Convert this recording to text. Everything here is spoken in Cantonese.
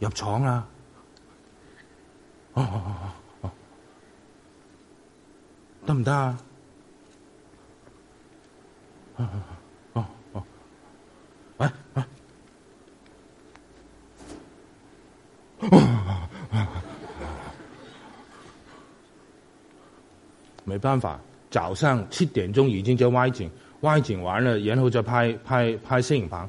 入廠啊！哦哦哦哦，得唔得啊？哦哦哦哦，喂、哎、喂，哎哦哦、 沒辦法，早上七點鐘已經就外景，外景完了，然後再拍拍拍攝影棚。